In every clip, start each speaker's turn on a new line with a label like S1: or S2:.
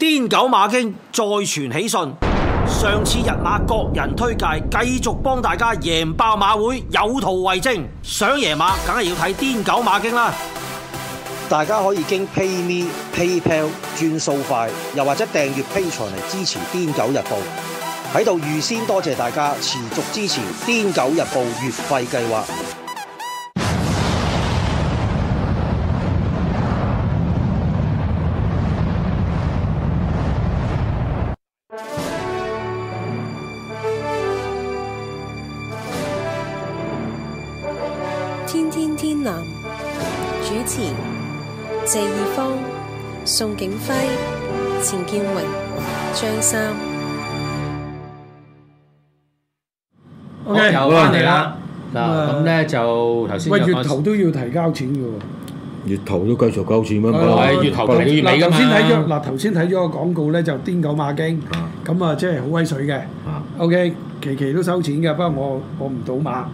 S1: 癲狗馬經再傳喜訊，上次日馬各人推介，繼續幫大家贏爆馬會，有圖為證。想贏馬，梗係要睇癲狗馬經啦！大家可以經 PayMe、PayPal 轉數快，又或者訂閱 Patreon 嚟支持癲狗日報。喺度預先多謝大家持續支持癲狗日報月費計劃。
S2: 宋景輝、錢建榮、張三，OK，好啦嚟啦，咁咧就，喂，月頭都要提
S3: 交錢嘅喎，
S1: 月頭都繼續交錢咩？唔係，月頭同埋月尾咁先睇咗。
S3: 嗱，頭先睇咗個廣告咧，就癲狗馬經，咁啊，即係好威水嘅。OK，期期都收錢嘅，不過我我唔賭馬，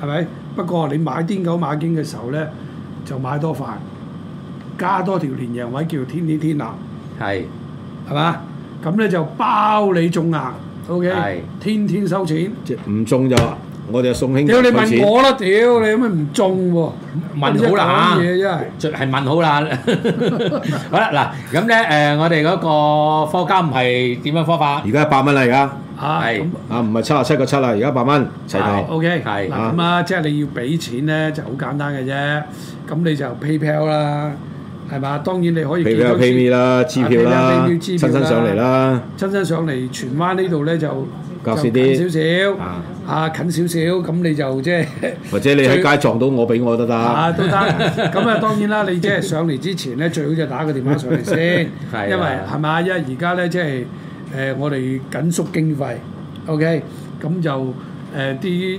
S3: 係咪？不過你買癲狗馬經嘅時候咧，就買多份。加多條連贏位叫天天天藍，係，係嘛？咁咧就包你中硬，O K，天天收錢，
S2: 唔中就我哋送兄弟份錢。屌你問我咯，
S3: 屌你做乜唔中喎？問好啦，嘢
S2: 真係，係問好啦。好啦，嗱咁咧誒，我哋嗰個課金係點樣課法？而家一百蚊啦，而家係啊，唔係七十七個
S1: 七啦，而家一百蚊齊頭，O
S3: K，係嗱咁啊，即係你要俾錢咧就好簡單嘅啫，咁你就 PayPal 啦。係嘛？當然你可以俾張 PayMe 啦，支票啦，親身上嚟啦。親身上嚟，荃灣呢度咧就
S1: 近少
S3: 少，啊近少少，咁你就即係或者你喺街
S1: 撞到我俾我得得。啊都
S3: 得，咁啊當然啦，你即係上嚟之前咧，最好就打個電話上嚟先，因為係嘛，因為而家咧即係誒我哋緊縮經費，OK，咁就誒啲。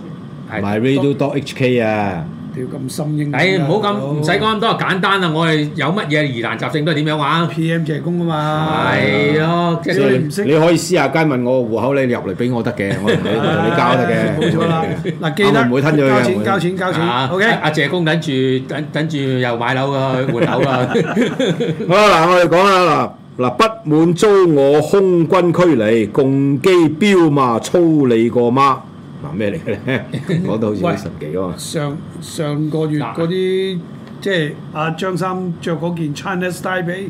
S1: Myradio.hk 啊！屌咁深英，哎唔好咁，唔使講
S2: 咁多，簡單啦！我哋有乜嘢疑難雜症都係點樣玩？PM 謝公啊嘛，係咯，你唔識
S1: 你可以私下間問我個戶口，你入嚟俾我得嘅，我同你交得嘅。
S2: 嗱，記得交錢交錢交錢嚇。OK，阿謝公等住，等等住又買樓個，
S1: 換樓啦。好嗱我哋講下啦。嗱嗱，不滿遭我空軍驅離，共機飆馬操你個媽！話咩嚟
S3: 嘅咧？講到好似十幾喎。上上個月嗰啲即係阿張三著嗰件 Chinese style，俾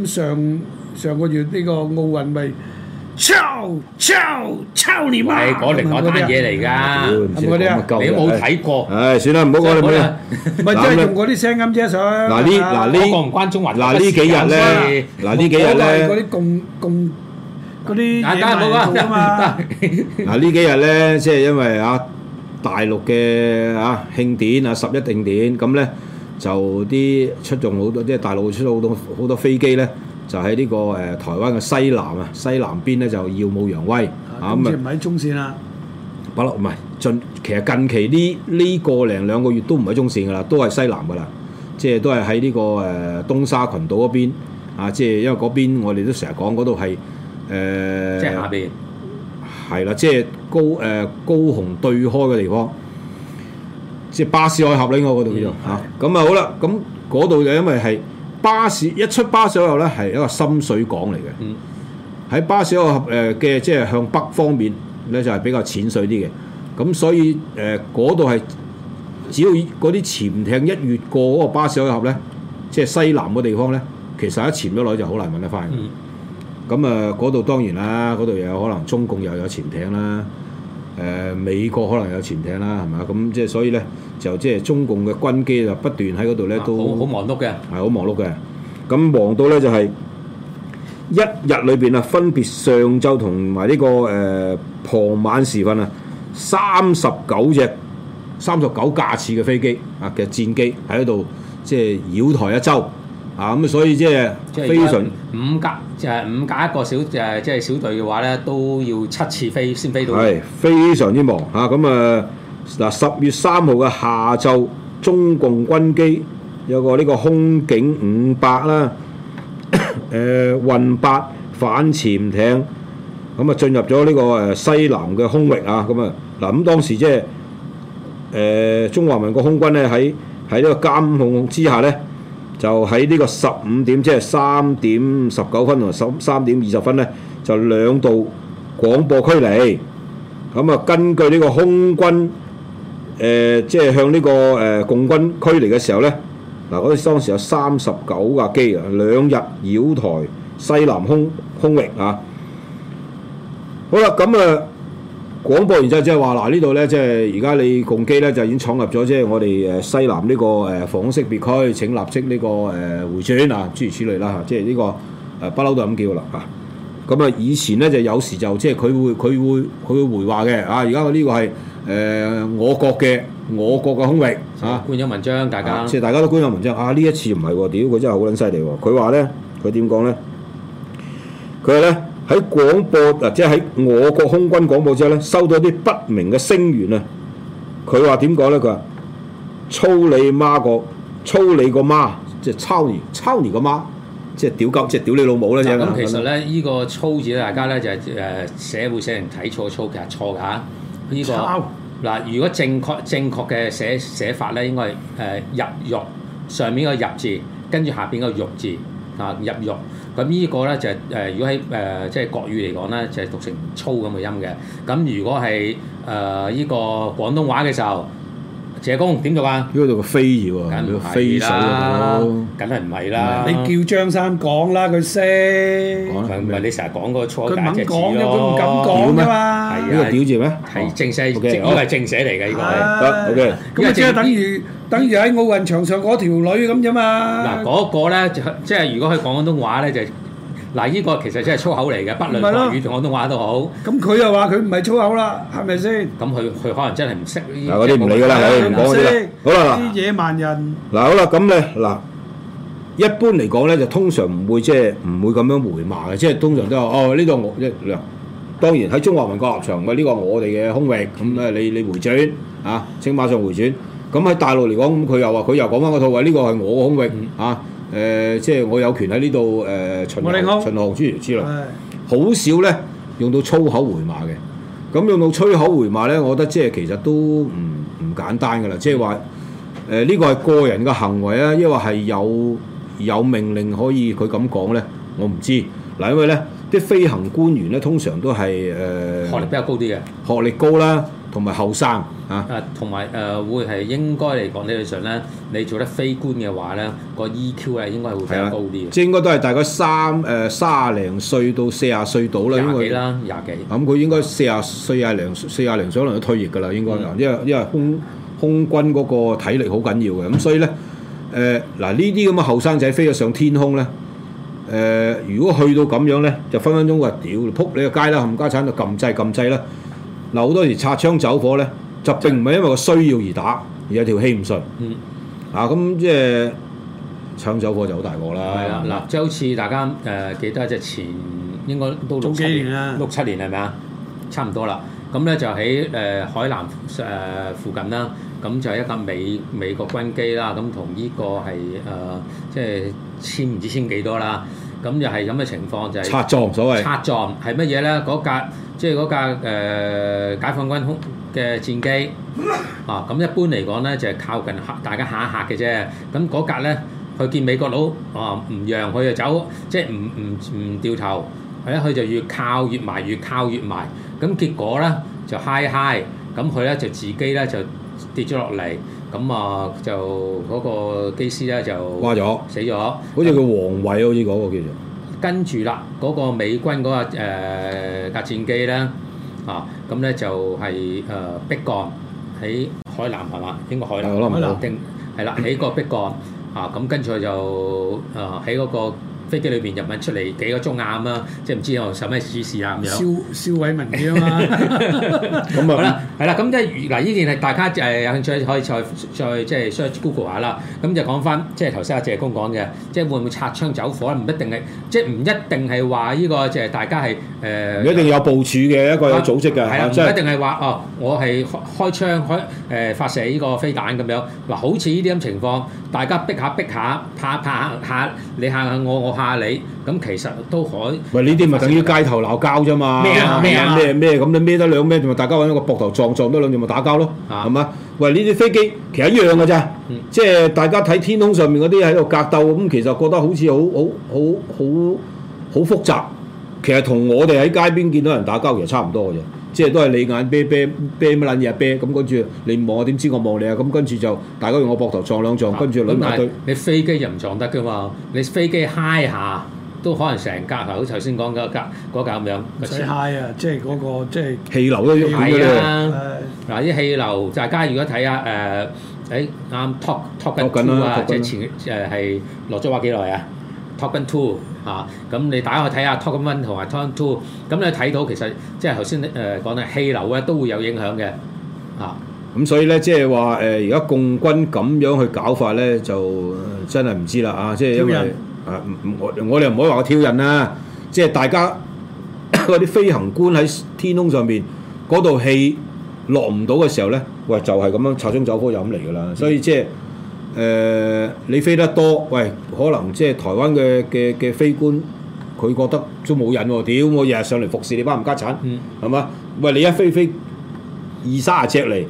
S3: 咁，上上個月呢個奧運咪超超超你媽！係講嚟講嘆嘢嚟㗎。你都冇睇過。
S1: 誒，算啦，唔好講啦，唔好啦。咪即係用
S3: 嗰啲聲音啫，想，嗱嗱呢個唔關中環，嗱呢幾日咧，嗱呢幾日咧嗰啲咁咁。啲，
S1: 嗱、啊、呢幾日咧，即係因為啊大陸嘅啊慶典啊十一定典，咁咧就啲出動好多，即係大陸出咗好多好多飛機咧，就喺呢、這個誒、呃、台灣嘅西南啊，西南邊咧就耀武揚威嚇。咁即唔喺中線啦。不唔係近，其實近，近，近期呢呢、這個零兩個月都唔喺中線噶啦，都係西南噶啦，即係都係喺呢個誒、呃、東沙群島嗰邊啊，即係因為嗰邊我哋都成日講嗰度係。誒、呃，即係下邊係啦，即、呃、係高誒、高雄對開嘅地方，即係巴士海峽咧，另外嗰度邊啊，咁啊好啦，咁嗰度就因為係巴士一出巴士海峽咧，係一個深水港嚟嘅。喺、嗯、巴士海峽誒嘅，即係向北方面咧就係、是、比較淺水啲嘅，咁所以誒嗰度係只要嗰啲潛艇一越過嗰個巴士海峽咧，即係西南嘅地方咧，其實一潛咗落去就好難搵得翻。咁啊，嗰度、嗯、當然啦，嗰度又有可能中共又有潛艇啦，誒、呃、美國可能有潛艇啦，係嘛？咁即係所以咧，就即係中共嘅軍機就不斷喺嗰度咧，都好、啊、忙碌嘅，係好忙碌嘅。咁忙到咧就係、是、一日裏邊啊，分別上晝同埋呢個誒、呃、傍晚時分架架啊，三十九隻、三十九架次嘅飛機啊嘅戰機喺度即係繞台一周。啊，咁所以即係非常，
S2: 五架就係五架一個小誒，即係小隊嘅話咧，都要七次飛先飛到。係
S1: 非常之忙嚇，咁啊嗱，十月三號嘅下晝，中共軍機有個呢個空警五百啦，誒運八反潛艇，咁啊進入咗呢個誒西南嘅空域啊，咁啊嗱，咁當時即係誒中華民國空軍咧，喺喺呢個監控之下咧。就喺呢個十五點，即係三點十九分同三點二十分咧，就兩度廣播驅離。咁啊，根據呢個空軍誒、呃，即係向呢、這個誒、呃、共軍驅離嘅時候咧，嗱，嗰啲當時有三十九架機啊，兩日繞台西南空空域啊。好啦，咁啊。呃廣播完之後，即係話，嗱，呢度咧，即係而家你共機咧就已經闖入咗即係我哋誒西南呢、這個誒、呃、防空識別區，請立即呢、這個誒、呃、回轉啊，諸如此類啦嚇、啊，即係呢、這個誒不嬲都係咁叫啦嚇。咁啊，以前咧就有時就即係佢會佢會佢會，會回話嘅啊。而家呢個係誒、呃、我國嘅我國嘅空域嚇。啊、官樣文章大家即係、啊、大家都官樣文章啊！呢一次唔係喎，屌佢真係好撚犀利喎！佢話咧，佢點講咧？佢話咧。喺廣播或者喺我國空軍廣播之後咧，收到啲不明嘅聲源啊！佢話點講咧？佢話：操你媽個，操你個媽，即係抄兒，抄兒個媽，即係屌鳩，即係屌你老母咧！咁。其實咧，嗯、實呢、
S2: 這個操字咧，大家咧就係誒寫會寫人睇錯操，其實錯㗎嚇。依、這個嗱，如果正確正確嘅寫寫法咧，應該係誒入肉上面個入字，跟住下邊個肉字。啊入肉咁呢個咧就係、是、誒、呃，如果喺誒、呃、即係國語嚟講咧，就係、是、讀成粗咁嘅音嘅。咁如果係誒呢個廣東話嘅時候。謝公點讀啊？呢個讀個飛字喎，梗係唔係啦？梗係唔係啦？你叫張三講啦，佢識。唔係你成日講嗰個錯解嘅字咯。佢唔敢講啫嘛。係啊，表住咩？係正寫，呢個係正寫嚟嘅呢個。得，OK。咁啊，即係等
S3: 於等於喺奧運場上嗰條女咁啫嘛。
S2: 嗱，嗰個咧就即係如果喺廣東話咧就。嗱，呢、這個其實真係粗口嚟嘅，不，不論粵語同廣東話都好。咁佢又話佢唔係粗口啦，係咪先？咁佢佢可能真係唔識。嗱，嗰啲唔理㗎啦，唔講嗰啲。好啦，
S1: 野蠻人。嗱，好啦，咁咧嗱，一般嚟講咧，就通常唔會即係唔會咁樣回罵嘅，即、就、係、是、通常都話哦，呢度我咧，當然喺中華民國立場，唔係呢個我哋嘅空域，咁誒你你回轉啊，請馬上回轉。咁喺大陸嚟講，咁佢又話佢又講翻、這個套話，呢個係我嘅空域啊。誒、呃，即係我有權喺呢度誒巡行巡行諸如此類，好少咧用到粗口回罵嘅。咁用到粗口回罵咧，我覺得即係其實都唔唔簡單嘅啦。即係話誒，呢、呃呢個係個人嘅行為啊，抑或係有有命令可以佢咁講咧？我唔知嗱，因為咧啲飛行官員咧通常都係誒、呃、學歷比較高啲嘅，學歷高啦，同埋後
S2: 生。啊！同埋誒會係應該嚟講理論上咧，你做得飛官嘅話咧，個 EQ 啊應該係會比較高啲即係
S1: 應該都係大概三誒、呃、三零歲到四廿歲到啦，因為廿幾啦廿幾。咁佢應該四廿四廿零四廿零，可能都退役㗎啦，應該因為因為空空軍嗰個體力好緊要嘅。咁、嗯、所以咧誒嗱呢啲咁嘅後生仔飛咗上天空咧，誒、呃、如果去到咁樣咧，就分分鐘話屌，撲你個街啦，冚家鏟就撳掣，撳掣啦。嗱好多時擦槍走火咧。呢呢就並唔係因為個需要而打，而係條氣唔順。嗯，啊咁即係
S2: 搶走貨就，啊嗯、就好大鑊啦。係啊，嗱，即係好似大家誒、呃、記得只前應該都六七年，啊、六七年係咪啊？差唔多啦。咁咧就喺誒、呃、海南誒、呃、附近啦。咁就一架美美國軍機啦。咁同呢個係誒即係千唔知千幾多啦。咁又係咁嘅情況就係拆裝所謂撞。拆裝係乜嘢咧？嗰架即係嗰架誒解放軍空。嘅戰機，啊，咁一般嚟講咧就係靠近客，大家下一客嘅啫。咁嗰架咧，佢見美國佬，啊，唔讓佢就走，即係唔唔唔掉頭。佢一佢就越靠越埋，越靠越埋。咁結果咧就嗨嗨，咁佢咧就自己咧就跌咗落嚟。咁啊，就嗰個機師咧就掛咗，死咗。好似叫王偉，好似嗰個叫做。跟住啦，嗰個美軍嗰個誒格戰機咧。啊，咁、嗯、咧就係誒迫降喺海南係嘛？應該海南定係啦，喺個迫降啊，咁跟住就誒喺嗰個。飛機裏邊入埋出嚟幾個鐘啊，咁啊，即係唔知有受咩指示啊咁樣。燒
S3: 燒毀文件
S2: 嘅嘛，咁咪好啦，係啦，咁即係嗱呢件係大家誒有興趣可以再再即係 search Google 下啦。咁就講翻即係頭先阿謝公講嘅，即係會唔會擦槍走火唔一定係，即係唔一定係話呢個即係大家係誒。呃、一定
S1: 有部署嘅，一個有組織嘅，即係、啊、 一定
S2: 係話哦，我係開開槍開誒、呃、發射呢個飛彈咁樣。嗱，好似呢啲咁情況，大家逼下逼下，拍、拍、下你嚇下我，我嚇我怕你咁，其實都可以。喂，
S1: 呢啲，咪等於街頭鬧交啫嘛。咩咩咩咩咁，啊、你咩得兩咩？仲話大家揾一個膊頭撞撞，咁一兩句咪打交咯，係嘛、啊？喂，呢啲飛機其實一樣嘅啫，嗯、即係大家睇天空上面嗰啲喺度格鬥，咁、嗯嗯、其實覺得好似好好好好好複雜，其實同我哋喺街邊見到人打交其實差唔多嘅啫。即係都係你眼啤啤啤乜撚嘢啊啤，咁跟住你望我，點知我望你啊？咁跟住就大家用我膊頭撞兩撞，跟住攣埋對。
S2: 你飛機又唔撞得㗎嘛？你飛機 high 下都可能成格，頭好頭先講嘅格嗰格咁樣。唔使 high 啊！
S3: 即係嗰個即係氣
S2: 流都 high 啊！嗱啲氣流，大家如果睇下誒，誒啱 talk talk 緊啊！即係前誒係落咗話幾耐啊？Top Gun two 嚇，咁你打開睇下 Top Gun one 同埋 Top Gun two，咁你睇到其實即係頭先誒講嘅氣流咧都會有影響嘅嚇，
S1: 咁所以咧即係話誒而家共軍咁樣去搞法咧就真係唔知啦啊！即係因為刃啊，我我哋唔可以話我挑釁啦，即係大家嗰啲 飛行官喺天空上面嗰度氣落唔到嘅時候咧，喂就係、是、咁樣擦槍走火就咁嚟噶啦，所以即係。誒、呃，你飛得多，喂，可能即係台灣嘅嘅嘅飛官，佢覺得都冇癮喎，屌我日日上嚟服侍你班冚家鏟，係嘛、嗯？喂，你一飛飛二卅隻嚟，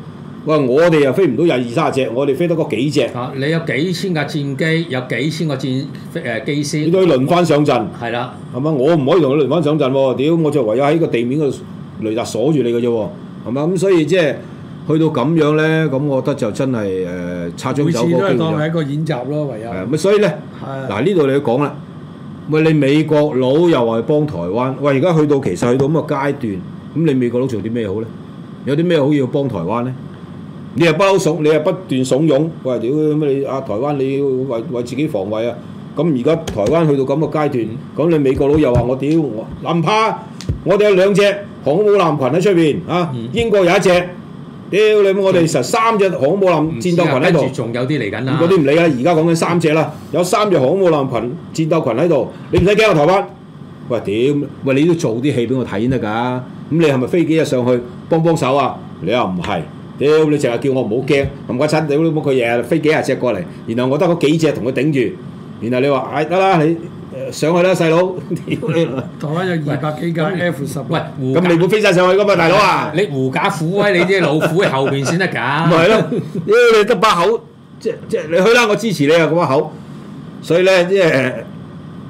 S1: 喂，我哋又飛唔到廿二卅隻，我哋飛得個幾隻、啊？
S2: 你有幾千架戰機，
S1: 有幾千個戰誒機師，你都要輪番上陣，係啦，係嘛？我唔可以同你輪番上陣喎、哦，屌我就唯有喺個地面嘅雷達鎖住你嘅啫，係嘛？咁所以即、就、係、是。去到咁樣咧，咁我覺得就真係誒擦槍走火。每次都係當係一
S3: 個演習咯，唯有。
S1: 係咪所以咧？係。嗱呢度你都講啦。咪你美國佬又話幫台灣？喂，而家去到其實去到咁嘅階段，咁你美國佬做啲咩好咧？有啲咩好要幫台灣咧？你又包餔，你又不斷慫恿。喂，屌乜你啊！台灣你要為為自己防衞啊！咁而家台灣去到咁嘅階段，咁你美國佬又話我屌我？唔怕，我哋有兩隻航空母艦羣喺出邊啊！英國有一隻。屌你！我哋成三隻航母艦戰鬥群喺度，仲
S2: 有啲嚟緊啊！嗰啲
S1: 唔理啦，而家講緊三隻啦，有三隻航母艦群戰鬥群喺度，你唔使驚我台灣。喂，屌！喂，你都做啲戲俾我睇得㗎？咁你係咪飛幾隻上去幫幫手啊？你又唔係？屌！你成日叫我唔好驚，唔怪得你，屌！佢日日飛幾廿隻過嚟，然後我得嗰幾隻同佢頂住，然後你話唉得啦你。上去啦，細佬！ 台灣有二百幾架 F 十，喂，咁你會飛晒上去噶嘛，大佬啊！
S2: 你狐假虎威，你啲老虎後邊先得噶。咪係咯，你得把口，即
S1: 係即係你去啦，我支持你啊，把口。所以咧，即係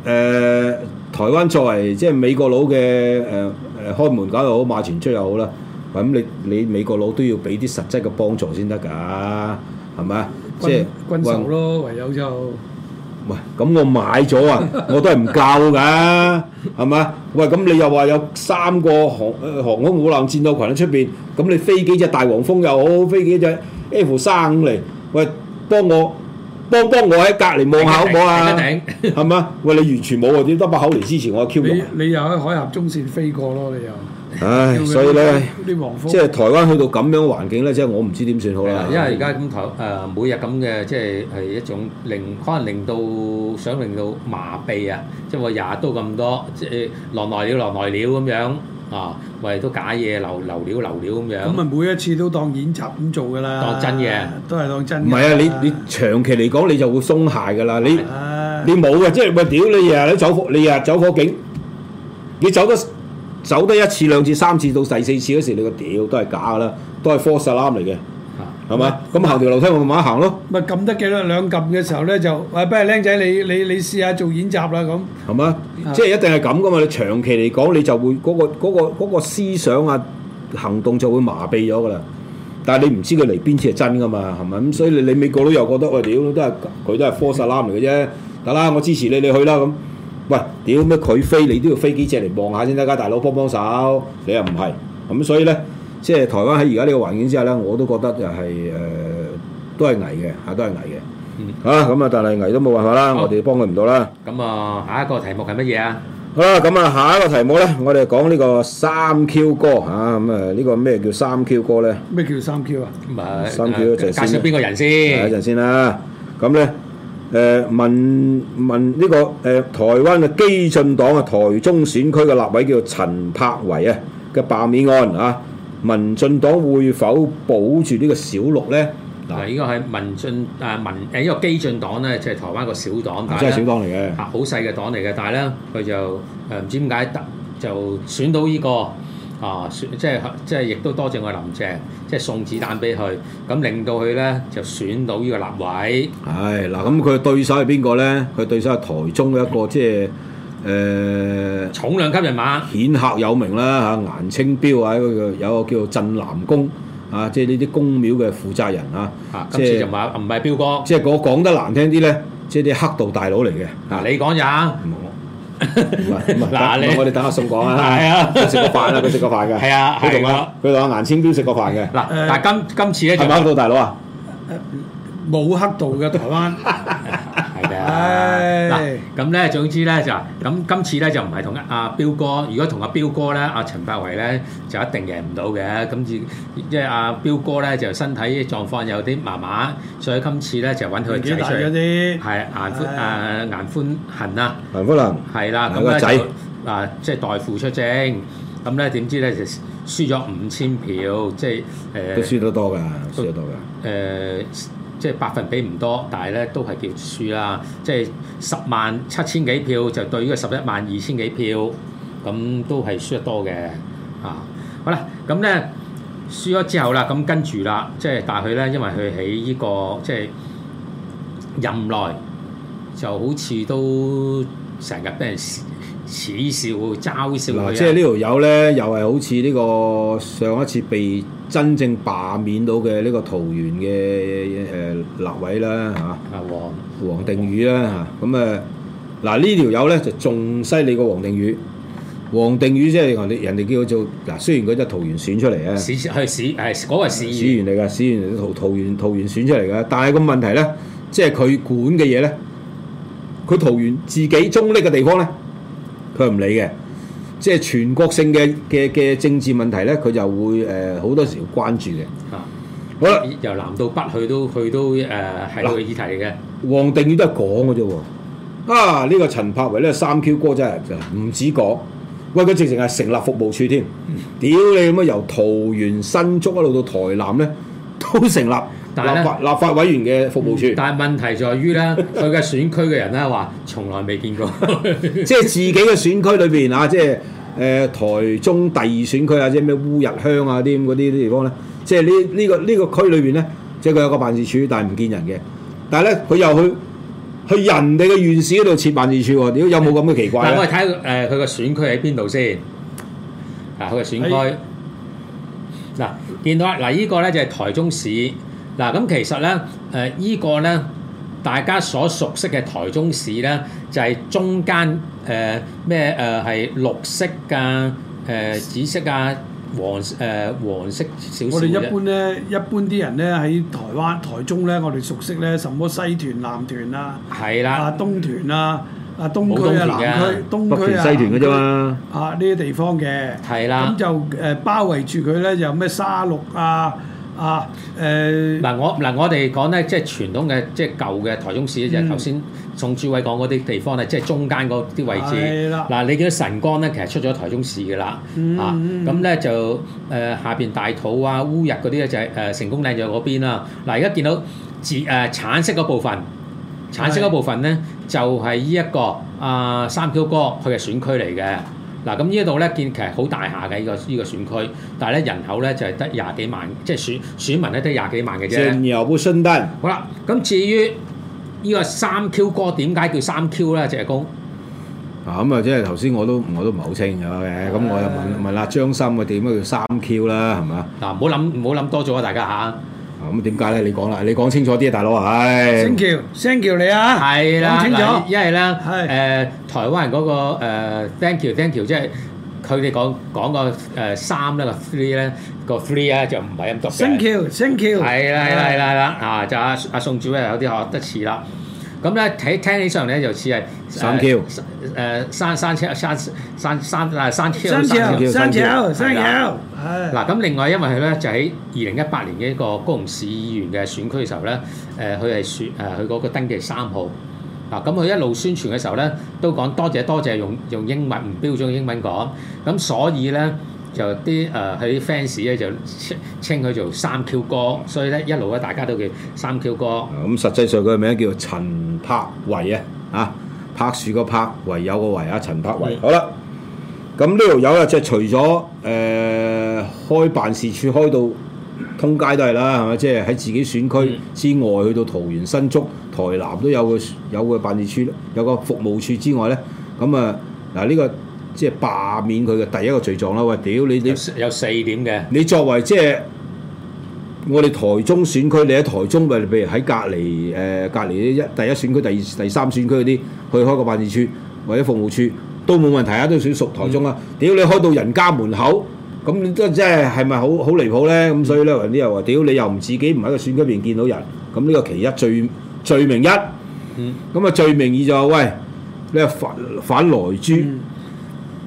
S1: 誒，台灣作為即係美國佬嘅誒誒開門搞又好，馬前卒又好啦。咁你你美國佬都要俾啲實際嘅幫助先得㗎，係咪？君即係軍售
S3: 咯，唯有就。
S1: 喂，咁我買咗啊， 我都係唔夠㗎，係嘛？喂，咁你又話有三個航空母艦戰鬥群喺出邊，咁你飛幾隻大黃蜂又好，飛幾隻 F 三五嚟，喂，幫我幫幫我喺隔離望下好唔好啊，係嘛？ 喂，你完全冇啊，點得把口嚟支持我 Q 你
S3: 你又喺海峽中線飛過咯，你又。唉，所以咧，即係台
S1: 灣去到咁樣環境咧，即係我唔知點算好啦。因為而家
S2: 咁台誒、呃、每日咁嘅，即係係一種令可能令到想令到麻痹啊！即係話日都咁多，即係落內料、落內料咁樣啊，為都假嘢流流料流料咁樣。咁
S3: 咪每一次都當演習咁做㗎啦，當真嘅都係當真。唔係啊！你
S1: 你長期嚟講，你就會鬆懈㗎啦的。你你冇啊！即係話屌你日日走你日走火警，你走得。走得一次兩次三次到第四次嗰時，你個屌都係假噶啦，都係 false alarm 嚟嘅，係咪？咁行條樓梯慢慢行咯。
S3: 咪撳得幾多兩撳嘅時候咧就，喂，不如靚仔，你你你試下做演習啦咁。
S1: 係嘛吧？吧即係一定係咁噶嘛？你長期嚟講，你就會嗰個嗰個嗰個思想啊行動就會麻痹咗噶啦。但係你唔知佢嚟邊次係真噶嘛？係咪咁？所以你你美國佬又覺得喂屌、哎、都係佢都係 false alarm 嚟嘅啫，得啦的，我支持你，你去啦咁。喂，屌咩佢飛，你都要飛幾隻嚟望下先得㗎，大佬幫幫手，你又唔係，咁所以咧，即係台灣喺而家呢個環境之下咧，我都覺得就係誒都係危嘅，嚇都係危嘅，嚇咁 啊，但係危都冇辦法啦，哦、我哋幫佢唔到啦。
S2: 咁
S1: 啊，下一個題目係乜嘢啊？好啦，咁啊，下、這、一個題目咧，我哋講呢個三 Q 哥嚇，咁啊，呢個咩叫三 Q 哥咧？咩叫三 Q 啊？三 Q 就、啊、介紹邊個人、啊、等等先？一陣先啦，咁咧。誒、呃、問問呢、這個誒、呃、台灣嘅基進黨啊，台中選區嘅立委叫做陳柏惟啊嘅罷免案啊，民進黨會否保住呢個小綠
S2: 咧？嗱，呢個係民進啊民誒呢、啊、個基進黨咧，即、就、係、是、台灣個小黨，真係小黨嚟嘅、啊，嚇好細嘅黨嚟嘅，但係咧佢就誒唔、啊、知點解得就選到呢、這個。啊，即係即係，亦都多謝我林鄭，即係送子彈俾佢，咁令到佢咧就選到呢個立委。
S1: 係嗱，咁佢對手係邊個咧？佢對手係台中嘅一個即係誒、呃、重量級人馬，顯赫有名啦嚇、啊，顏清標啊，有一有個叫做鎮南宮啊，即係呢啲宮廟嘅負責人啊。啊，今次就唔唔係標哥，即係講講得難聽啲咧，即係啲黑道大佬嚟嘅。嗱、啊，你講咋？唔係，嗱，我哋等下宋講啊，
S2: 佢食過飯啊，佢食過飯嘅，係啊，佢同
S1: 啊，佢同阿顏清標食過飯嘅。嗱，但係今今
S2: 次咧就黑道
S1: 大佬啊，
S3: 冇黑道嘅台灣。
S2: 嗱，咁咧、嗯嗯嗯，總之咧就咁，今次咧就唔係同阿彪哥。如果同阿、啊、彪哥咧，阿、啊、陳柏惟咧就一定贏唔到嘅。今次，因為阿彪哥咧就身體狀況有啲麻麻，所以今次咧就揾佢個仔出嚟。係顏寬，顏寬恆、哎、呀啊，顏寬恆。係啦，咁個仔，啊，即係代父出征。咁咧點知咧就輸咗五千票，即係、呃、都輸得多㗎，輸得多㗎。誒。即係百分比唔多，但係咧都係叫輸啦。即係十萬七千幾票就對於十一萬二千幾票，咁都係輸得多嘅。啊，好啦，咁咧輸咗之後啦，咁跟住啦，即係但係佢咧，因為佢喺呢個即係任內就好似都成日俾人恥笑、嘲笑。即係呢
S1: 條友咧，又係好似呢個上一次被。真正罷免到嘅呢個桃園嘅誒立委啦，阿黃黃定宇啦嚇。咁誒嗱呢條友咧就仲犀利過黃定宇，黃、啊啊這個、定宇即係人哋人哋叫做嗱、啊，雖然佢喺桃園選出嚟啊，市
S2: 係市係嗰個市市員嚟
S1: 㗎，市員嚟桃桃園桃園選出嚟㗎，但係個問題咧，即係佢管嘅嘢咧，佢桃園自己中立嘅地方咧，佢係唔理嘅。即係全國性嘅嘅嘅政治問題咧，佢就會誒好、呃、多時關注嘅。
S2: 嚇、啊，好啦了，由南到北去都去都誒係個議題嘅。
S1: 王定宇都係講嘅啫喎。啊，呢、這個陳柏惟咧三 Q 哥真係就唔止講，喂，佢直情係成立服務處添。屌你咁樣！ 由桃園新竹一路到台南咧，
S2: 都成立。立法立法委員嘅服務處，但係問題在於咧，佢嘅選區嘅人咧，話從來未見過，
S1: 即係自己嘅選區裏邊啊，即係誒台中第二選區啊，即係咩烏日鄉啊啲咁嗰啲地方咧，即係呢呢個呢個區裏邊咧，即係佢有個辦事處，但係唔見人嘅，但係咧佢又去去人哋嘅縣市嗰度設辦事處，如果有冇咁嘅奇怪？但我
S2: 係睇誒佢嘅選區喺邊度先，嗱佢嘅選區，嗱見到啊嗱呢個咧就係台中市。嗱咁其實咧，誒依個咧，大家所熟悉嘅台中市咧，就係中間誒咩誒係綠色啊、誒、呃、紫色啊、黃誒、呃、黃色少少嘅。我哋一般
S3: 咧，一般啲人咧喺台灣台中咧，我哋熟悉咧，什麼西屯、南屯啊，係啦的、啊，東屯啊，啊東區啊、南區、東區啊，北屯西屯嘅啫嘛。啊，呢啲地
S2: 方嘅。係啦的。咁、嗯、就誒包圍住佢咧，有咩沙鹿啊？啊，誒、呃、嗱我嗱我哋講咧，即係傳統嘅，即係舊嘅台中市就頭先宋朱偉講嗰啲地方咧，即係中間嗰啲位置。係啦、嗯，嗱你見到神光咧，其實出咗台中市嘅啦，嗯嗯、啊咁咧就誒、呃、下邊大肚啊烏日嗰啲咧就係、是、誒、呃、成功嶺邊、呃、在嗰邊啦。嗱而家見到自誒、呃、橙色嗰部分，
S1: 橙色嗰部
S2: 分咧就係呢一個啊、呃、三 Q 哥佢嘅選區嚟嘅。嗱，咁呢一度咧，見其實好大下嘅呢個呢個選區，但係咧人口咧就係得廿幾萬，即係選選民咧得廿幾萬嘅啫。勝有不勝好啦，咁至於呢個三 Q 哥點解叫三 Q 咧？謝公。啊，咁啊，即係頭先我都我都唔係好清楚嘅，咁
S1: 的我又問問啦張三，佢點解叫三 Q 啦？係咪？嗱，唔好諗唔好諗多咗啊！大家吓。咁點解咧？你講啦，你講清楚啲啊，大佬啊！唉、哎、Thank
S2: you，Thank you，你啊，係 啦，講清楚，因為咧，誒是、呃、台灣人嗰、那個誒、呃、Thank you，Thank you，即係佢哋講講個誒三咧個 three 咧個 three 咧就唔係咁讀 Thank you，Thank you，係啦係啦係啦啊！就阿阿宋主威有啲學得遲啦。咁咧睇聽起上嚟就似係三條，誒三三條三三三誒三條，三條三條三條，係。嗱咁另外因為佢咧就喺二零一八年嘅一個高雄市議員嘅選區嘅時候咧，誒佢係選誒佢嗰個登記三號，嗱咁佢一路宣傳嘅時候咧都講多謝多謝用用英文唔標準嘅英文講，咁所以咧。就啲誒喺 fans 咧就稱佢做三 Q 哥，所以咧一路咧大家都叫三 Q 哥、嗯。
S1: 咁實際上佢嘅名叫做陳
S2: 柏惟啊，
S1: 啊柏樹個柏，惟有個惟啊，陳柏惟。嗯、好啦，咁呢度有啊，即係除咗誒、呃、開辦事處開到通街都係啦，係咪？即係喺自己選區之外，去到桃園新竹、台南都有個有個辦事處，有個服務處之外咧，咁啊嗱呢、啊這個。即係罷免佢嘅第一個罪狀啦！喂，屌你你有，有四點嘅，你作為即係我哋台中選區，你喺台中，咪譬如喺隔籬誒、呃，隔籬一第一選區、第二、第三選區嗰啲去開個辦事處或者服務處都冇問題啊，都算屬台中啦。屌、嗯、你開到人家門口，咁即即係係咪好好離譜咧？咁所以咧，有啲人又話：，屌你又唔自己唔喺個選區入邊見到人，咁呢個其一罪罪名一。嗯。咁啊罪名二就係、是、喂，你反反來豬。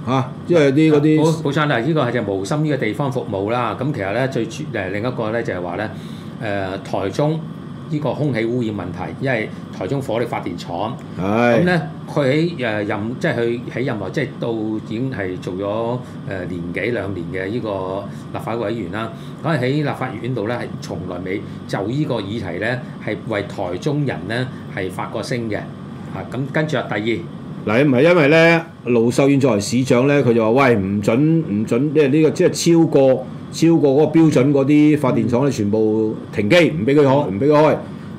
S2: 嚇！因為啲嗰啲……好，補山啊！依、就是呢個係就無心依個地方服務啦。咁其實咧，最主誒另一個咧就係話咧，誒、呃、台中呢個空氣污染問題，因為台中火力發電廠，
S1: 咁咧
S2: 佢喺誒任即係佢喺任何即係到已經係做咗誒年幾兩年嘅呢個立法委員啦。我喺立法院度咧係從來未就呢個議題咧係為台中人咧係發過聲嘅。嚇！咁跟住啊，第二。
S1: 嗱，唔係因為咧，盧秀燕作為市長咧，佢就話喂，唔準唔準，即係呢個即係超過超過嗰個標準嗰啲發電廠咧，全部停機，唔俾佢開，唔俾佢開。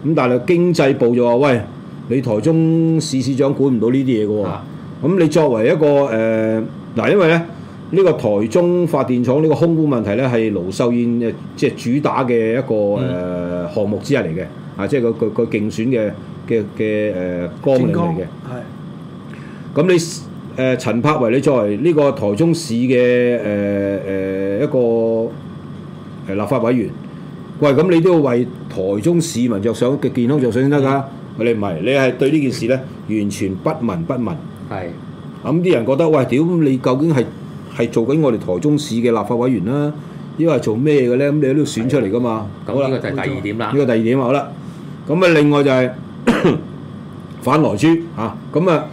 S1: 咁但係經濟部就話喂，你台中市市長管唔到呢啲嘢嘅喎。咁、啊嗯、你作為一個誒嗱、呃，因為咧呢、呢個台中發電廠呢個空污問題咧，係盧秀燕即係主打嘅一個誒、呃、項目之一嚟嘅，啊，即係佢佢佢競選嘅嘅嘅誒綱目嚟嘅。咁你誒陳柏惟，你作為呢個台中市嘅誒誒一個誒立法委員，喂，咁你都要為台中市民著想嘅健康著想先得㗎，你唔係，你係對呢件事咧完全不聞不問。係，咁啲人覺得喂，屌，咁你究竟係係做緊我哋台中市嘅立法委員啦，抑或做咩嘅咧？咁你都要選出嚟㗎嘛？咁啦，呢個
S2: 就係第二點啦，呢
S1: 個第二點啊，好啦，咁啊，另外就係反萊豬嚇，咁啊。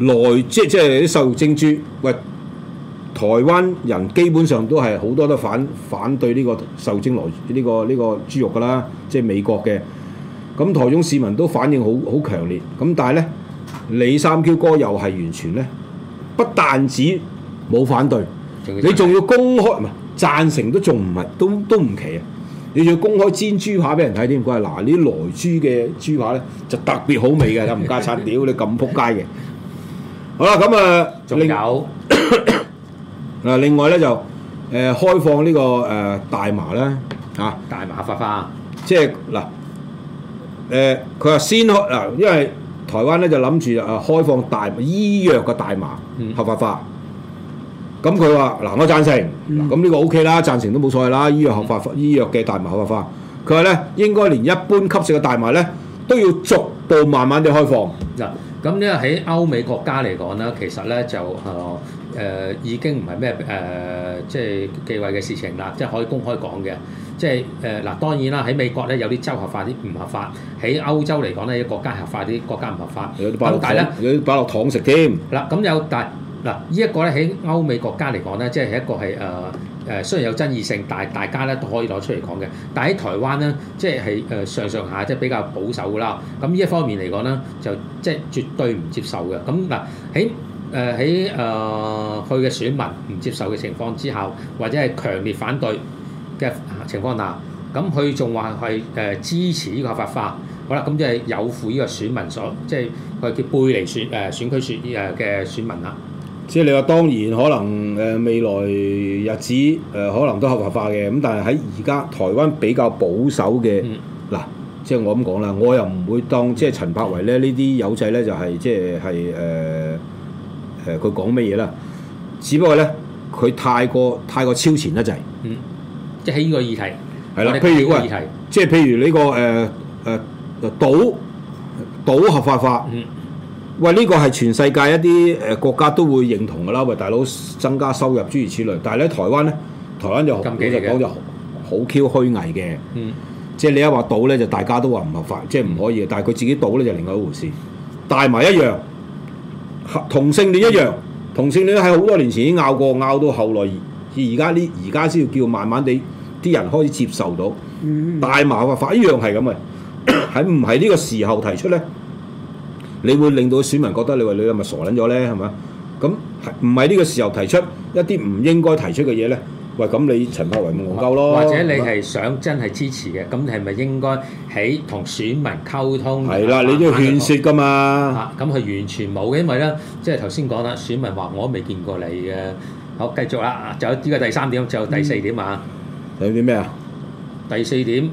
S1: 萊即即係啲瘦肉精豬，喂！台灣人基本上都係好多都反反對呢個瘦精萊呢個呢個豬肉㗎啦，即係美國嘅。咁台中市民都反應好好強烈。咁但係咧，李三 Q 哥又係完全咧，不但止冇反對，真你仲要公開唔係贊成都仲唔係都都唔奇啊！你要公開煎豬扒俾人睇添，佢話嗱啲萊豬嘅豬扒咧就特別好味嘅，有唔加餐屌，你咁撲街嘅。 好啦，咁、嗯、啊，仲有啊，另外咧就誒、呃、開放呢、呢個誒大麻咧嚇，大麻合法化，即係嗱誒，佢話、呃、先開啊，因為台灣咧就諗住啊開放大麻醫藥嘅大麻合法化，咁佢話嗱，我贊成，咁呢、嗯、個 O、OK、K 啦，贊成都冇所謂啦，醫藥合法化，醫藥嘅大麻合法化，佢話咧應該連一般吸食嘅大麻咧都要逐步慢慢地開放嗱。
S2: 嗯咁呢喺歐美國家嚟講咧，其實咧就誒誒、呃、已經唔係咩誒，即係忌諱嘅事情啦，即係可以公開講嘅。即係誒嗱，當然啦，喺美國咧有啲州合法，啲唔合法；喺歐洲嚟講咧，有國家合法，啲國家唔合法。有啲擺落糖食添。嗱，咁有但嗱，呢一個咧喺歐美國家嚟講咧，即係一個係誒。呃誒雖然有爭議性，但係大家咧都可以攞出嚟講嘅。但係喺台灣咧，即係係誒上上下即係比較保守噶啦。咁呢一方面嚟講咧，就即係絕對唔接受嘅。咁嗱喺誒喺誒佢嘅選民唔接受嘅情況之下，或者係強烈反對嘅情況下，咁佢仲話係誒支持呢個合法化。好啦，咁即係有負呢個選民所，即係佢叫背離選誒選區選誒嘅選民啦。
S1: 即係你話當然可能誒、呃、未來日子誒、呃、可能都合法化嘅咁，但係喺而家台灣比較保守嘅，嗱、嗯、即係、就是，我咁講啦，我又唔會當即係陳柏惟咧呢啲友仔咧就係即係係誒誒佢講乜嘢啦？只不過咧佢太過太過超前得滯，嗯，
S2: 即係呢個議題
S1: 係啦，個議題譬如喂、即、呃、係、就是、譬如呢，這個誒誒賭賭合法化、化。嗯喂，呢、這個係全世界一啲誒、呃、國家都會認同嘅啦。喂，大佬增加收入諸如此類，但係咧台灣咧，台灣就咁講就好 Q 虛偽嘅。嗯。即係你一話賭咧，就大家都話唔合法，即係唔可以。但係佢自己賭咧，就另外一回事。大麻一樣，同性戀一樣，同性戀喺好多年前已經拗過，拗到後來而家呢，而家先叫慢慢地啲人開始接受到。嗯。大麻合法一樣係咁嘅，喺唔係呢個時候提出咧？呢你會令到選民覺得你話你係咪傻撚咗咧？係咪？咁唔係呢個時候提出一啲唔應
S2: 該提出嘅嘢咧？喂，咁你陳茂維冇我夠咯？或者你係想真係支持嘅？咁你係咪應該喺同選民溝通？係啦，你都要勸説㗎嘛？嚇、啊，咁佢完全冇嘅，因為咧，即係頭先講啦，選民話我都未見過你嘅。好，繼續啦，就呢個第三點，就第四點啊。有啲咩啊？第四點。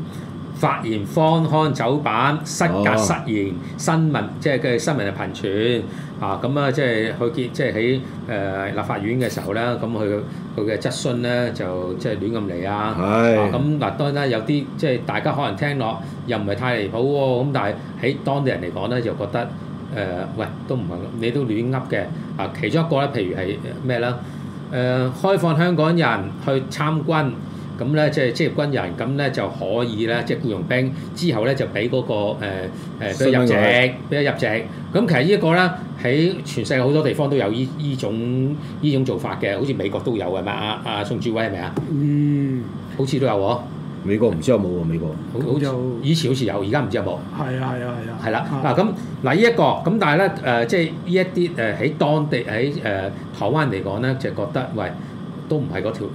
S2: 發言方刊走板失格失言、哦、新聞即係嘅新聞嘅頻傳啊，咁啊即係佢結即係喺誒立法院嘅時候咧，咁佢佢嘅質詢咧就即係亂咁嚟啊！咁嗱是的、啊、當然啦，有啲即係大家可能聽落又唔係太離譜喎，咁、嗯、但係喺當地人嚟講咧就覺得誒、呃、喂都唔係你都亂噏嘅啊！其中一個咧，譬如係咩咧？誒、呃、開放香港人去參軍。咁咧即係職業軍人，咁咧就可以咧即係僱傭兵，之後咧就俾嗰、嗰個誒誒俾入籍。俾入籍。咁其實呢一個咧喺全世界好多地方都有呢呢種呢種做法嘅，好似美國都有係嘛，啊？啊宋志偉係咪啊？
S3: 是
S2: 是嗯，好似都有喎。美國唔知有冇喎，美國好像就好以前好似有，而家唔知有冇。係啊
S3: 係啊係啊。係
S2: 啦嗱咁嗱呢一個咁，但係咧誒即係呢一啲誒喺當地喺誒台灣嚟講咧，就覺得喂都唔係嗰條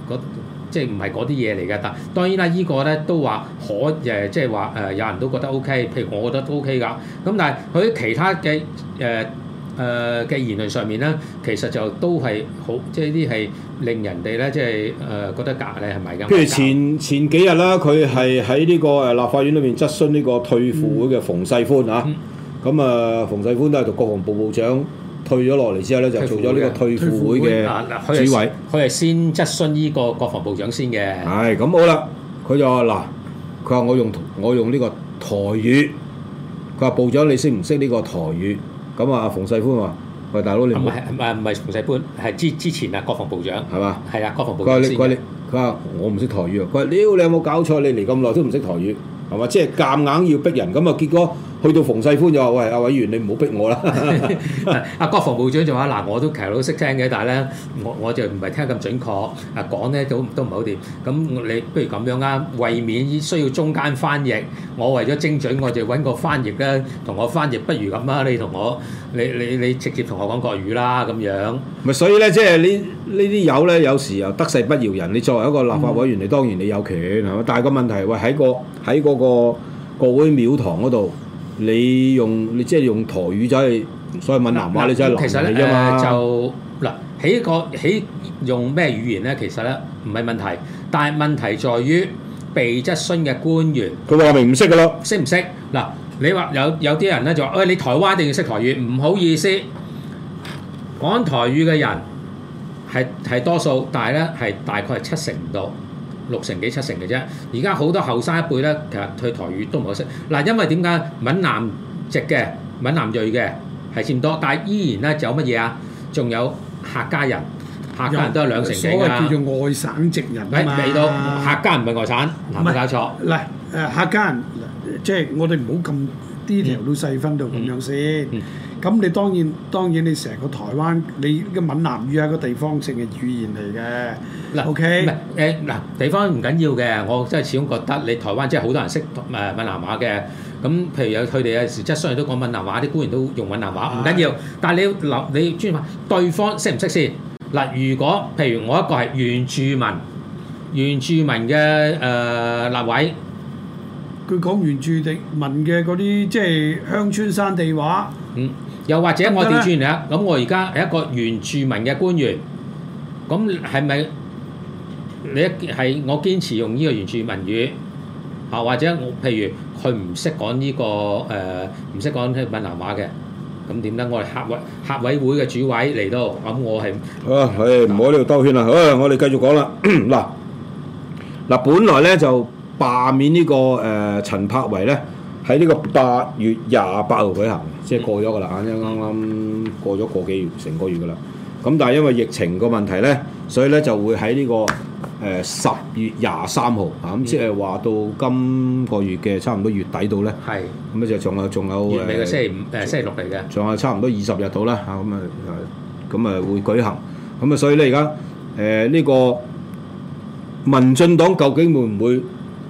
S2: 即係唔係嗰啲嘢嚟嘅，但當然啦，依個咧都話可誒，即係話誒，有人都覺得 OK，譬如我覺得都 OK 㗎。咁但係佢喺其他嘅誒誒嘅言論上面咧，其實就都係好，即係啲係令人哋咧，即係誒覺得假嘅係咪㗎？跟住
S1: 前前幾日啦，佢係喺呢個誒立法院裏邊質詢呢個退輔會嘅馮世寬啊，咁啊，馮世寬都係做國防部部長。退咗落嚟之後咧，就做咗呢個退輔會嘅
S2: 主委。佢係是先
S1: 質詢呢個國防部長先嘅。係咁好啦，佢就話嗱，佢話我用我用呢個台語。佢話部長你識唔識呢個台語？咁啊，馮世寬話：喂，大佬你唔係
S2: 唔係唔係馮世寬，係之之前啊國防部長係嘛？係啦，國防部長。佢吧、啊、
S1: 你，佢話我唔識台語啊！佢話：屌你有冇搞錯？你嚟咁耐都唔識台語係嘛？即係夾硬要逼人咁啊！結果。去到馮世寬就話：喂，阿委員，你唔好逼我啦！
S2: 阿國防部長就話：嗱，我都其實都識聽嘅，但係咧，我我就唔係聽得咁準確啊，講咧都都唔係好掂。咁你不如咁樣啊，為免需要中間翻譯，我為咗精準，我就揾個翻譯啦，同我翻譯。不如咁啊，你同我，你你你，你，你直接同我講國語啦，咁樣。
S1: 咪所以咧，即係呢呢啲友咧，有時又得勢不饒人。你作為一個立法委員，嗯、你當然你有權係嘛？但係個問題，喂喺個喺嗰個，個，個，個，個，個國會廟堂嗰度。你用你即係用台語，就係所謂閩南話，你真係南人嚟啫嘛就？就
S2: 嗱，起個起用咩語言咧？其實咧唔係問題，但係問題在於被質詢嘅官員，佢話明唔識噶咯？識唔識？嗱，你話有有啲人咧就話：，喂、哎，你台灣一定要識台語？唔好意思，講台語嘅人係係多數，但係咧係大概七成到。六成幾七成嘅啫，而家好多後生一輩咧，其實對台語都唔好識。嗱，因為點解閩南籍嘅、閩南裔嘅係佔多，但係依然咧就有乜嘢啊？仲有客家人，客家人都有兩成幾㗎。所謂叫做外
S3: 省籍人，係咪多？客
S2: 家人唔係外省，唔係搞錯。嗱、
S3: 嗯，誒客家人，即係我哋唔好咁啲條到細分度咁樣先。嗯。咁你當然當然你成個台灣，你嘅閩南語係一個地方性嘅語言嚟嘅。嗱
S2: ，O K，唔係誒，嗱地方唔緊要嘅。我真係始終覺得你台灣真係好多人識誒閩南話嘅。咁譬如有佢哋有時即係雖然都講閩南話，啲官員都用閩南話，唔緊要。但係你要留，你要專問對方識唔識先。嗱，如果譬如我一個係原住民，原住民嘅誒立委，
S3: 佢講原住地民嘅嗰啲即係鄉村山地話，嗯。又或者我哋調轉
S2: 嚟啦，咁那我而家係一個原住民嘅官員，咁係咪你係我堅持用呢個原住民語啊？或者我譬如佢唔識講呢個誒唔識講閩南話嘅，咁點咧？我哋客委客委會嘅主委嚟到，咁我係，
S1: 啊，係唔好喺呢度兜圈啦，好那我哋繼續講啦，嗱嗱， 本來咧就罷免呢、這個誒、呃、陳柏惟咧。喺呢個八月廿八號舉行，即係過咗㗎喇，啱啱過咗個幾月，成個月㗎喇。咁但係因為疫情個問題咧，所以咧就會喺呢個誒十月廿三號，咁、嗯、即係話到今個月嘅差唔多月底到咧，咁咧就仲有仲有月尾嘅誒星期
S2: 五誒星期六嚟嘅，
S1: 仲有差唔多二十日到啦，咁啊咁啊會舉行。咁啊，所以咧而家誒呢個民進黨究竟會唔會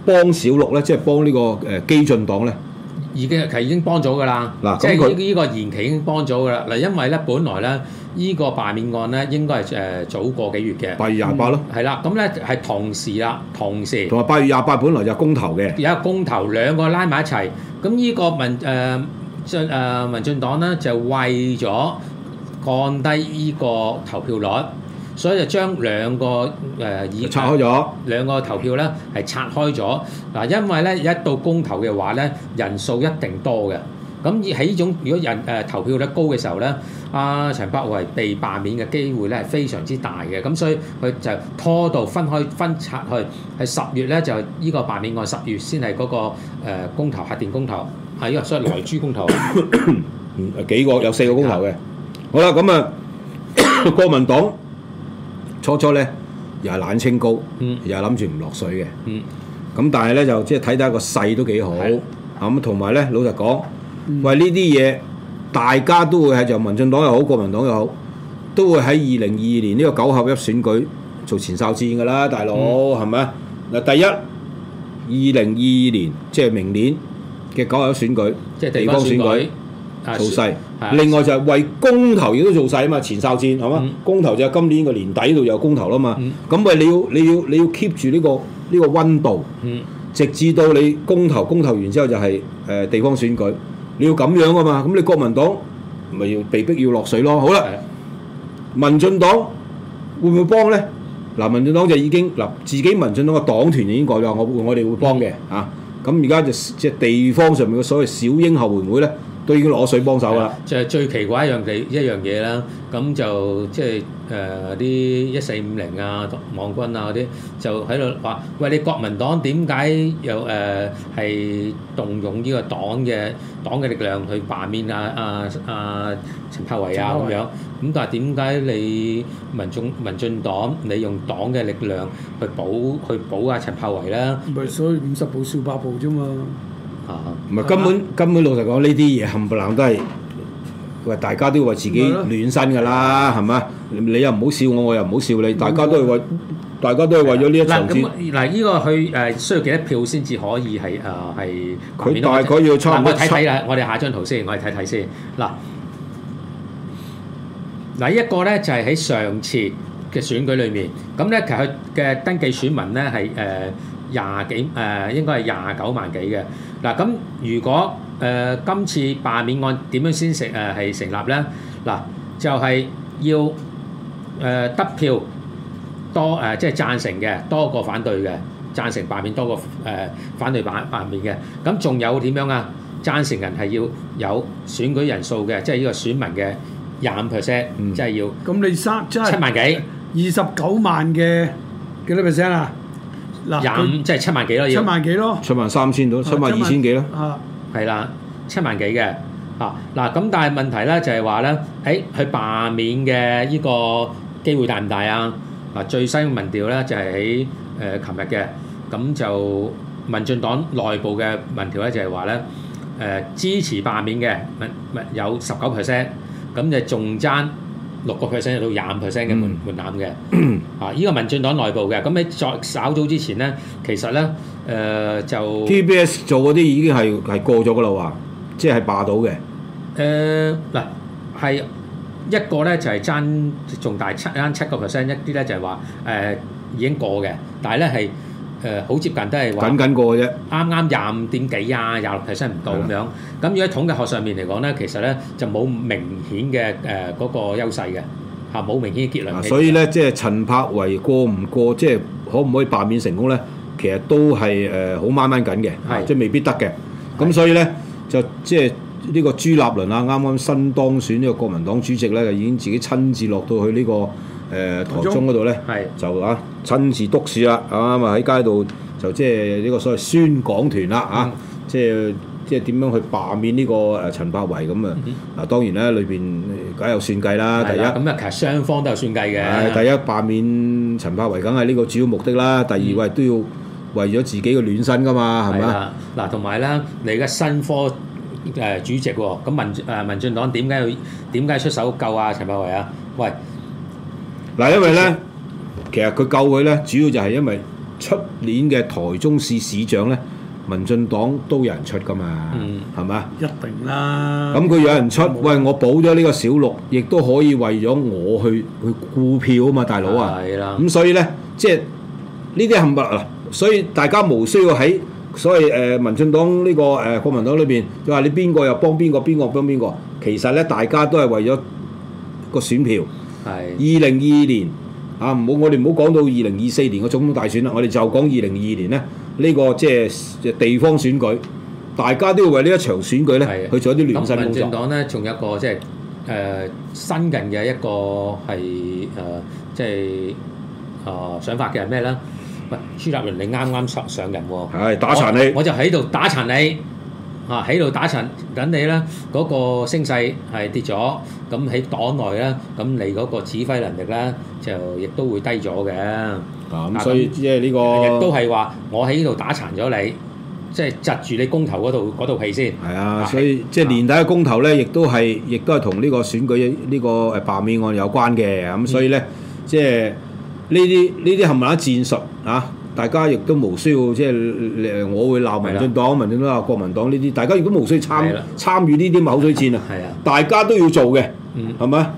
S1: 幫小六咧，即係幫呢個誒基進黨咧？
S2: 已經係已經幫咗㗎啦，即係依依個延期已經幫咗㗎啦。嗱，因為咧，本來咧，呢個罷免案咧，應該係誒早過幾月嘅，八月廿八咯，係啦。咁咧係同時啦，同時同埋八月廿八本來就公投嘅，有公投兩個拉埋一齊。咁呢個民誒、呃、進誒、呃、民進黨咧就為咗降低呢個投票率。所以就將兩個誒已拆開咗兩個投票咧係拆開咗嗱，因為咧一到公投嘅話咧人數一定多嘅，咁喺呢種如果人誒投票率高嘅時候咧，阿陳柏惟被罷免嘅機會咧係非常之大嘅，咁所以佢就拖到分開分拆去喺十月咧就呢個罷免案，十月先係嗰個誒公投核電公投係啊，所以萊豬公投嗯
S1: 幾個有四個公投嘅好啦，咁啊國民黨。初初呢，又係冷清高，嗯、又係諗住唔落水嘅。咁、嗯、但係呢，就即係睇睇個勢都幾好。咁同埋呢，老實講，喂呢啲嘢大家都會係由民進黨又好，國民黨又好，都會喺二零二二年呢個九合一選舉做前哨戰噶啦，大佬，係咪？嗱，第一二零二二年即係明年嘅九合一選舉，即係地方選舉。做晒，另外就係為公投亦都做晒啊嘛，前哨戰係嘛，嗯、公投就今年個年底度有公投啦嘛，咁咪、嗯、你要你要你要 keep 住呢、這個呢、這個溫度，嗯、直至到你公投公投完之後就係、是、誒、呃、地方選舉，你要咁樣啊嘛，咁你國民黨咪要被逼要落水咯，好啦，是的 民進黨會唔會幫咧？嗱、呃，民進黨就已經嗱、呃、自己民進黨嘅黨團已經講咗，我我哋會幫嘅啊，咁而家就即係地方上面嘅所謂小英後援會咧。都已經攞水幫手啦！就
S2: 係最奇怪一樣地一樣嘢啦，咁就即係誒啲一四五零啊、網軍啊嗰啲，就喺度話：喂，你國民黨點解又誒係、呃、動用呢個黨嘅黨嘅力量去罷免啊啊啊陳柏偉啊咁樣？咁但係點解你民眾民進黨你用黨嘅力量去保去保阿、啊、陳柏偉啦？咪所
S3: 以五十步笑百步啫嘛！
S2: 嚇！唔
S1: 係根本根本老實講，呢啲嘢冚唪唥都係，佢話大家都為自己暖身嘅啦，係嘛？你又唔好笑我，我又唔好笑你，大家都係為大家都係為咗呢一場戰。嗱咁，
S2: 嗱依個佢誒需要幾多票先至可以係誒係？佢大概要差我睇睇啦，我哋下張圖先，我哋睇睇先。嗱嗱，一個咧就係喺上次嘅選舉裏面，咁咧其實佢嘅登記選民咧係誒廿幾誒，應該係廿九萬幾嘅。嗱咁，如果誒今次罷免案點樣先成誒係成立咧？嗱，就係要誒得票多誒，即係贊成嘅多過反對嘅，贊成罷免多過誒反對罷罷免嘅。咁仲有點樣啊？贊成人係要有選舉人數嘅，即係呢個選民嘅廿五 percent，即係要。咁你三即係七萬幾？二十九萬嘅幾多 percent 啊？廿五 25, 他即係七萬幾咯，要七萬幾咯，七萬三千到七，萬七萬二千幾咯、啊。啊，係啦，七萬幾嘅啊嗱，咁但係問題咧就係話咧，誒、哎、佢罷免嘅依個機會大唔大啊？嗱最新嘅民調咧就係喺誒琴日嘅，咁、呃、就民進黨內部嘅民調咧就係話咧，誒、呃、支持罷免嘅民民有十九 percent，咁就仲爭。六個 percent 到廿五 percent 嘅門門檻嘅， 啊，依、這個民進黨內部嘅，咁喺再稍早之前咧，其實咧，誒、呃、就 TBS 做嗰
S1: 啲已經係係過咗嘅啦，話即係霸到嘅、
S2: 呃。誒嗱，係一個咧就係爭仲大七爭七個 percent，一啲咧就係話誒已經過嘅，但係咧係。誒好、呃、接近都係話僅僅過嘅啫，啱啱廿五點幾啊，廿六 percent 唔到咁樣。咁如果統計學上面嚟講咧，其實咧就冇明顯嘅誒嗰個優勢嘅，嚇、啊、冇明顯嘅結論、啊。所以咧，
S1: 嗯、即係陳柏惟過唔過，即係可唔可以罷免成功咧？其實都係誒好掹掹緊嘅是的、啊，即係未必得嘅。咁是的 所以咧就即係呢個朱立倫啊，啱啱新當選呢個國民黨主席咧，已經自己親自落到去、這、呢個。誒、呃、台中嗰度咧，就啊是的 親自督事啦，啊嘛喺街度就即係呢個所謂宣講團啦，嗯、哼 啊即係即係點樣去罷免呢個誒陳柏惟咁啊？嗱當然咧，裏邊梗有算計啦。第一咁
S2: 啊，其實雙方都有算計嘅。第一
S1: 罷免陳柏惟，梗係呢個主要目的啦。第二，為都、
S2: 嗯、哼 要為咗自己嘅暖身噶嘛，係咪？嗱，同埋咧，你嘅新科誒、呃、主席喎，咁民誒民進黨點解要點解出手救啊陳柏惟啊？喂！嗱，因為咧，其實佢救佢
S1: 咧，主要就係因為出年嘅台中市市長咧，民進黨都有人出㗎嘛，係咪、嗯？吧一定
S3: 啦。咁
S1: 佢、嗯、有人出，人出喂，我保咗呢個小六，亦都可以為咗我去去箍票啊嘛，大佬啊，係啦的。咁、嗯、所以咧，即係呢啲冚唪唥，所以大家冇需要喺所謂誒、呃、民進黨呢個誒、呃、國民黨裏邊，就話你邊個又幫邊個，邊個幫邊個，其實咧大家都係為咗個選票。係是二零二二年，啊，唔好我哋唔好講到二零二四年嘅總統大選啦，我哋就講二零二二年呢，呢、呢個即係地方選舉，大家都要為呢一場選舉咧是去做一啲聯繫工作。咁民進黨
S2: 咧仲有一個即係誒、呃、新近嘅一個係誒、呃、即係啊、呃、想法嘅係咩呢？唔、呃、朱立倫你啱啱上上任喎，打殘你，我就喺度打殘你。嚇喺度打殘，等你咧嗰個聲勢係跌咗，咁喺黨內咧，咁你嗰個指揮能力咧就亦都會低咗嘅。咁、
S1: 啊嗯啊、所以即係
S2: 呢個都係話我喺呢度打殘咗你，即係窒住你公投嗰度嗰度戲先。係啊，所
S1: 以即係年底嘅公投咧，亦都係亦都係同呢個選舉呢個誒罷免案有關嘅。咁、啊嗯、所以咧，即係呢啲呢啲係咪一啲戰術、啊大家亦都無需要即係誒，我會鬧民進黨、民進黨啊、國民黨呢啲。大家如果無需要參參與呢啲口水戰啊，大家都要做嘅，係咪？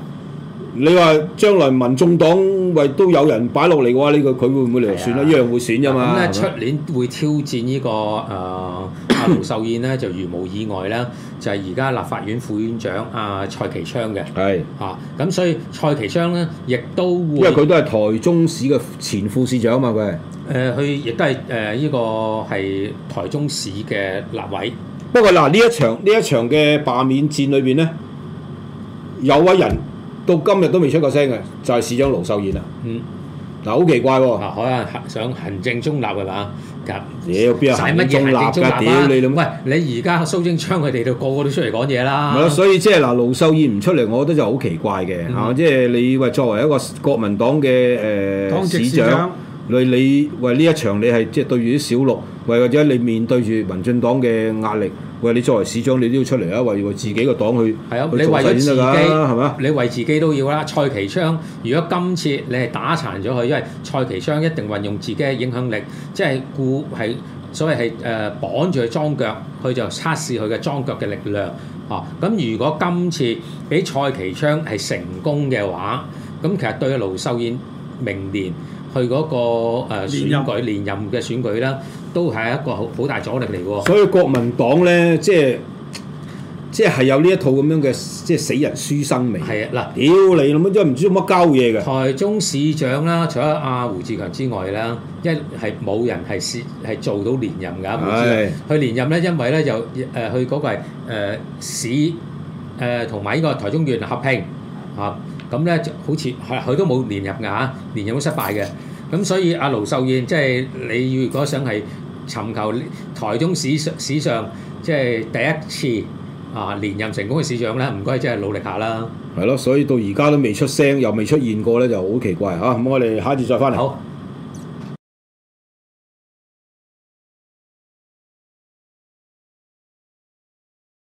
S1: 你話將來民眾黨喂都有人擺落嚟嘅話，呢個佢會唔會嚟選咧？一樣會選啫嘛。咁咧，出
S2: 年會挑戰呢個誒盧秀燕呢，就如無意外啦。就係而家立法院副院長阿蔡其昌嘅。係啊，咁所以蔡其昌呢，亦都會因為佢都
S1: 係台中市嘅前副市長啊嘛，佢。
S2: 誒佢亦都係誒依個係台中市嘅立委。
S1: 不過嗱，呢一場呢一場嘅罷免戰裏邊咧，有位人到今日都未出過聲嘅，就係、是、市長盧秀燕啦。嗯，嗱好、啊、奇怪喎、
S2: 啊。可能、啊、想行政中立㗎嘛？㗎、啊，屌邊有行政中立㗎、啊？屌你諗。喂，你而家蘇貞昌佢哋就個個都出嚟講嘢啦。係咯、啊，所
S1: 以即係嗱，盧秀燕唔出嚟，我覺得就好奇怪嘅嚇。即係、嗯啊就是、你話作為一個國民黨嘅誒。呃、市長。你你喂呢一場你係即係對住啲小六，或或者你面對住民進黨嘅壓力，喂你作為市長你都要出嚟啊！為為自己個黨去，係啊！你為自己係
S2: 嘛？吧你為自己都要啦。蔡其昌，如果今次你係打殘咗佢，因為蔡其昌一定運用自己嘅影響力，即係故係所謂係誒、呃、綁住佢樁腳，佢就測試佢嘅樁腳嘅力量。哦、啊，咁如果今次俾蔡其昌係成功嘅話，咁其實對盧秀燕明年。明年去嗰、那個誒、呃、連任 選舉連任嘅選舉啦，都係一個好好大阻力嚟嘅。所
S1: 以國民黨咧，即係即係係有呢一套咁樣嘅，即係死人書生命。
S2: 係啊的，嗱哪，屌你諗乜，即係唔知做乜交嘢嘅。台中市長啦，除咗阿胡志強之外啦，一係冇人係是係做到連任㗎。胡志強佢是的 連任咧，因為咧就，誒、呃，佢嗰個係、呃、市誒同埋呢個台中縣合併。啊。咁咧、嗯、好似係佢都冇連任嘅嚇，連任都失敗嘅。咁所以阿盧秀燕，即係你如果想係尋求台中史上即係第一次啊連任成功嘅市長咧，唔該真係努力下啦。
S1: 係咯，所以到而家都未出聲，又未出現過咧，就好奇怪嚇。咁、啊、我哋下一次再翻嚟。好